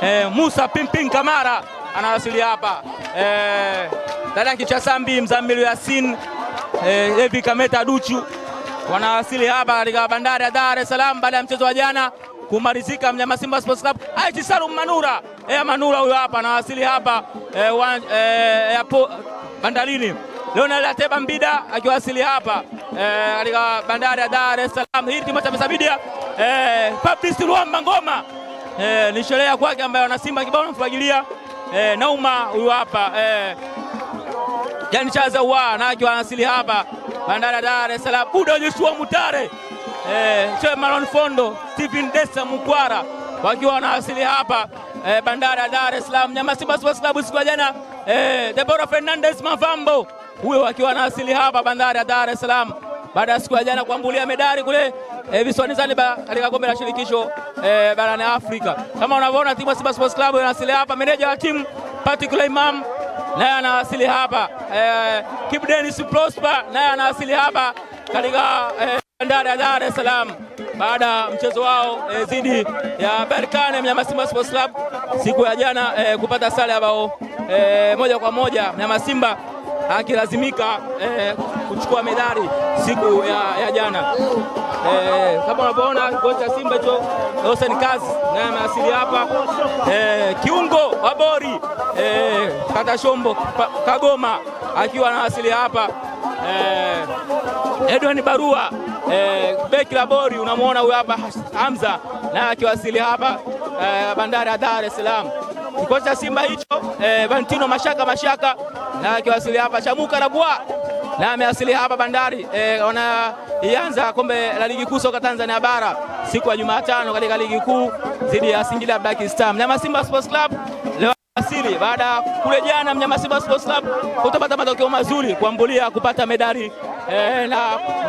Eh, Musa Pimpin Kamara anawasili hapa eh, Dadaki Chasambi Mzamilu Yasin eh, Evi Kameta Duchu wanawasili hapa katika bandari ya Dar es Salaam baada ya mchezo wa jana kumalizika mnyama Simba Sports Club. Aichi Salum Manura eh, Manura huyo hapa anawasili hapa eh, wan, eh, yapo, bandarini. Leonel Ateba Mbida akiwasili hapa eh, bandari ya Dar es Salaam. Hii timu cha Mesabidia eh, Patrice Luamba Ngoma eh, ni sherehe ya kwake ambayo wanasimba kibao namfagilia eh, Nauma huyu hapa eh, yani chaza na nakiwa asili hapa bandara ya Dar es Salaam, Buda Yeshua Mutare eh, Che Malon Fondo Stephen Desa Mukwara wakiwa wanaasili hapa eh, bandara ya Dar es Salaam. Nyama Simba Sports Club siku ya jana eh, Deborah Fernandez Mavambo huyo wakiwa wanaasili hapa bandari ya Dar es Salaam baada ya siku ya jana kuambulia medali kule e, eh, visiwani Zanzibar katika kombe la shirikisho e, barani Afrika. Kama unavyoona timu ya Simba Sports Club inawasili hapa, meneja wa timu Patrick Imam naye anawasili hapa e, eh, Kibu Dennis Prosper naye anawasili hapa katika bandari ya Dar es Salaam baada ya mchezo wao e, dhidi ya Berkane mnyama Simba Sports Club siku ya jana e, kupata sare ya bao e, moja kwa moja mnyama Simba akilazimika e, kuchukua medali siku ya, ya jana. E, kama unavyoona kocha Simba hicho Hossein Kazi naye ameasili hapa e, kiungo wa bori e, eh, Katashombo Kagoma akiwa anawasili hapa e, Edwin Barua e, beki la bori unamwona huyo hapa Hamza naye akiwasili hapa e, bandari ya Dar es Salaam. Kocha Simba hicho e, Valentino Mashaka Mashaka naye akiwasili hapa Chamuka Rabwa na ameasili hapa Bandari e, eh, wanaianza kombe la ligi kuu soka Tanzania bara siku ya Jumatano katika ligi kuu dhidi ya Singida Black Stars. Mnyama Simba Sports Club leo asili baada kule jana Mnyama Simba Sports Club kutopata matokeo mazuri kuambulia kupata medali e, na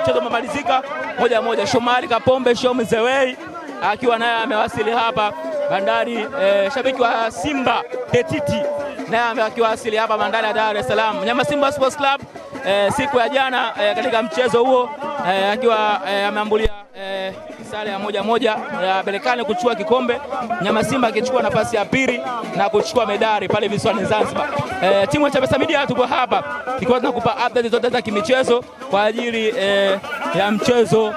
mchezo umemalizika moja moja. Shomari Kapombe Show Mzewei akiwa naye amewasili hapa Bandari e, shabiki wa Simba Tetiti naye akiwasili hapa Bandari ya Dar es Salaam. Mnyama Simba Sports Club e, siku ya jana e, katika mchezo huo e, akiwa e, ameambulia e, sare ya moja moja ya Berkane kuchukua kikombe, Nyama Simba akichukua nafasi ya pili na kuchukua medali pale visiwani Zanzibar. E, timu ya Chapesa Media tuko hapa ikiwa tunakupa update zote za kimichezo kwa ajili e, ya mchezo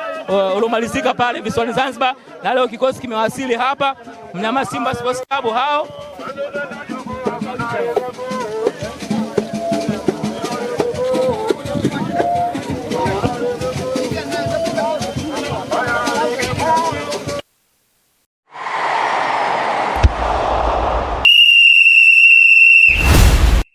uliomalizika pale visiwani Zanzibar, na leo kikosi kimewasili hapa Mnyama Simba Sports Club hao